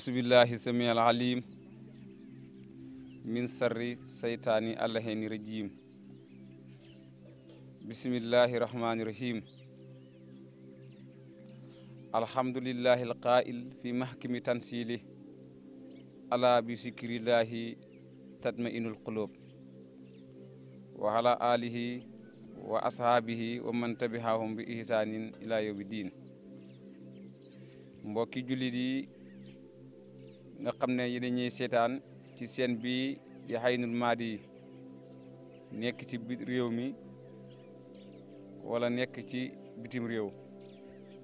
أعوذ بالله السميع العليم من سر شيطان اللعين الرجيم بسم الله الرحمن الرحيم الحمد لله القائل في محكم تنسيله على بذكر الله تطمئن القلوب وعلى آله وأصحابه ومن تبعهم بإحسان إلى يوم الدين mbokki jullit yi nga xamne ne dañuy sétane ci sen bi di haynul madi nek ci bit rew mi wala nek ci bitim rew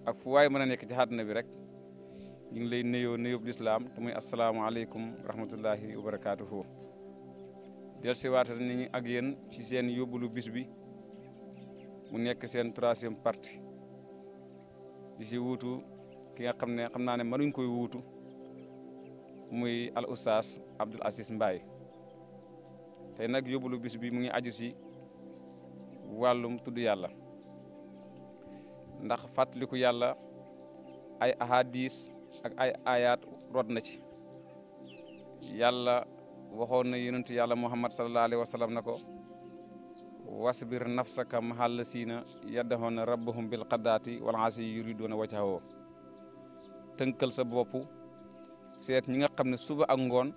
ak fu way mëna nek ci hadna bi rek ñu ngi lay neyo nuyoo lislaam te muy assalamu alaykum rahmatullahi wa barakatuh del siwaat ni ak yeen ci sen yobulu bis bi mu sen 3e parti di si wutu ki nga xamne ne ne mënuñ koy wutu muy al oustaz Abdoul Aziz Mbaye tey nag yóbbalu bis bi mu ngi aju si wàllum tudd yàlla ndax fàttaliku yàlla ay ahadis ak ay ayaat rod na ci yàlla waxoon na yonentu yàlla muhammad sallallahu alayhi wa na ko wasbir nafsaka mahalla siina yaddahoona rabbahum bil qadaati wal asi yuriduuna wajhahu tënkal sa bopp seet ñi nga xamne ne suba ak ngoon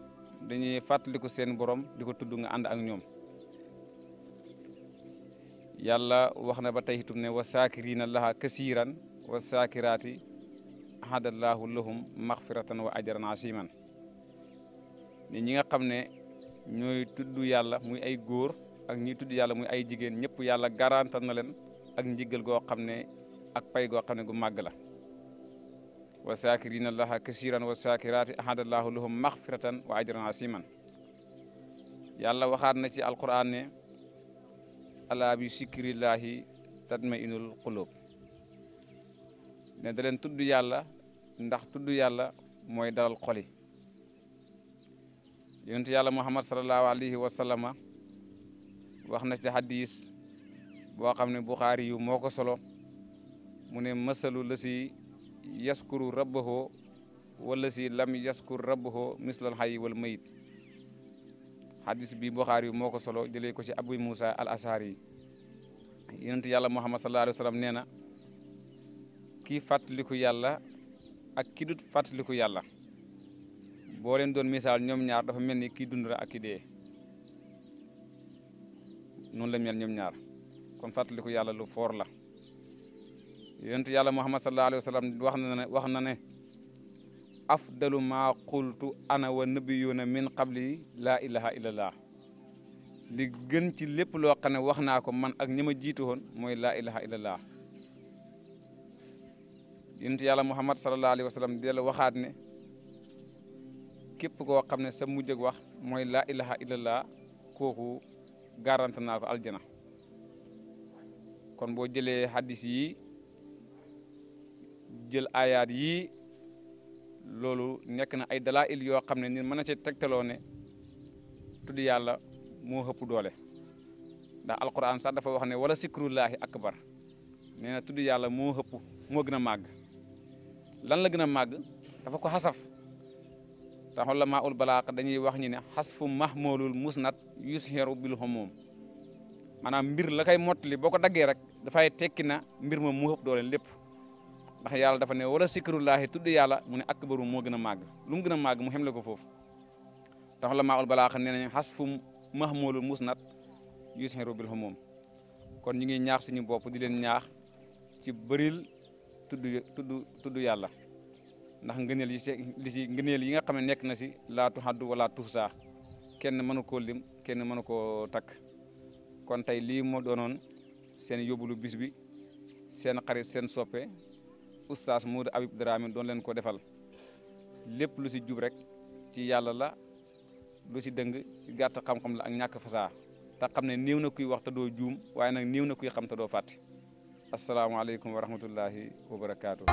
dañuy fàttaliku seen borom diko tuddu nga and ak ñoom yalla waxna ba ne wasakirina laha kasiran wasakirati hadallahu lahum maghfiratan wa ajran asiman ni ñi nga xamne ne tuddu yalla muy ay goor ak ñi tuddu yalla muy ay jigen ñepp yalla garantal na len ak njiggal go xamne ak pay go xamne gu la وساكرين الله كثيرا وساكرات أحد الله لهم مغفرة وأجرا عظيما يلا وخارنا في القرآن ألا بذكر الله تطمئن القلوب ne da leen tudd yàlla ndax tudd yàlla mooy dalal xol yi yonentu yàlla muhammad salallahu alayhi wa sallama wax na ci hadis boo xam ne buxaari yu moo ko solo mu ne masalu la si yaskuru rabbahu wala si lam yaskur rabbahu mislal hayyi wal mayit hadis bi Buxaari yi moo ko solo jëlee ko ci Abu musa al Ashari yi yonent yàlla Muhammad sallallahu alayhi wa sallam nee na kii fàttaliku yàlla ak ki dut fàttaliku yàlla boo leen doon misaal ñoom ñaar dafa mel ni kii dund la ak ki dee la mel ñoom ñaar kon fàttaliku yàlla lu foor la yonentu yàlla muhammad sallallahu alayhi wa wax na ne wax na ne afdalu ma qultu ana wa nabiyuna min qabli laa ilaha illallah li gën ci lépp loo xam ne wax naa ko man ak ñi ma jiitu woon mooy laa ilaha illallah yonentu yàlla muhammad sallallahu alayhi wa sallam waxaat ne képp koo xam ne sa mujj ak wax mooy laa ilaha illallah kooku garante naa ko aljana kon boo jëlee hadis yi jël ayaat yii loolu nekk na ay dalaa il yoo xam ne nit mën na ci tegtaloo ne tudd yàlla moo ëpp doole ndax alquran sax dafa wax ne wala sikrullaahi akbar nee na tudd yàlla moo ëpp moo gën a màgg lan la gën a màgg dafa ko xasaf taxul la maa ul balaaq dañuy wax ñi ne xasfu mahmoolul musnat yushiru bil humum maanaam mbir la koy mottali boo ko daggee rek dafay tekki na mbir moom mu ëpp doole lépp ndax yalla dafa ne wala sikrullah tudd yalla mu ne akbaru mo gëna mag lu mu gën mu xemle ko fofu tax la maul balaakh ne nañ hasfu mahmulul musnat yusiru bil humum kon ñi ngi ñaax suñu bop di leen ñaax ci beril tudd tudd tudd yalla ndax ngeenel yi li ci ngeenel yi nga xamne nek na si la tuhaddu wala tuhsa kenn mënu ko lim kenn mënu ko tak kon tay li mo donon seen yobulu bisbi xarit seen soppe oustaz Modou Habib Dramé doon leen ko defal lépp lu si jub rek ci yàlla la lu si dëng ci gàtt xam-xam la ak ñàkk fasaa te xam ne néew na kuy wax te doo juum waaye nag niiw na kuy xam ta doo fàtte asalaamaaleykum wa rahmatullahi wa barakaatu.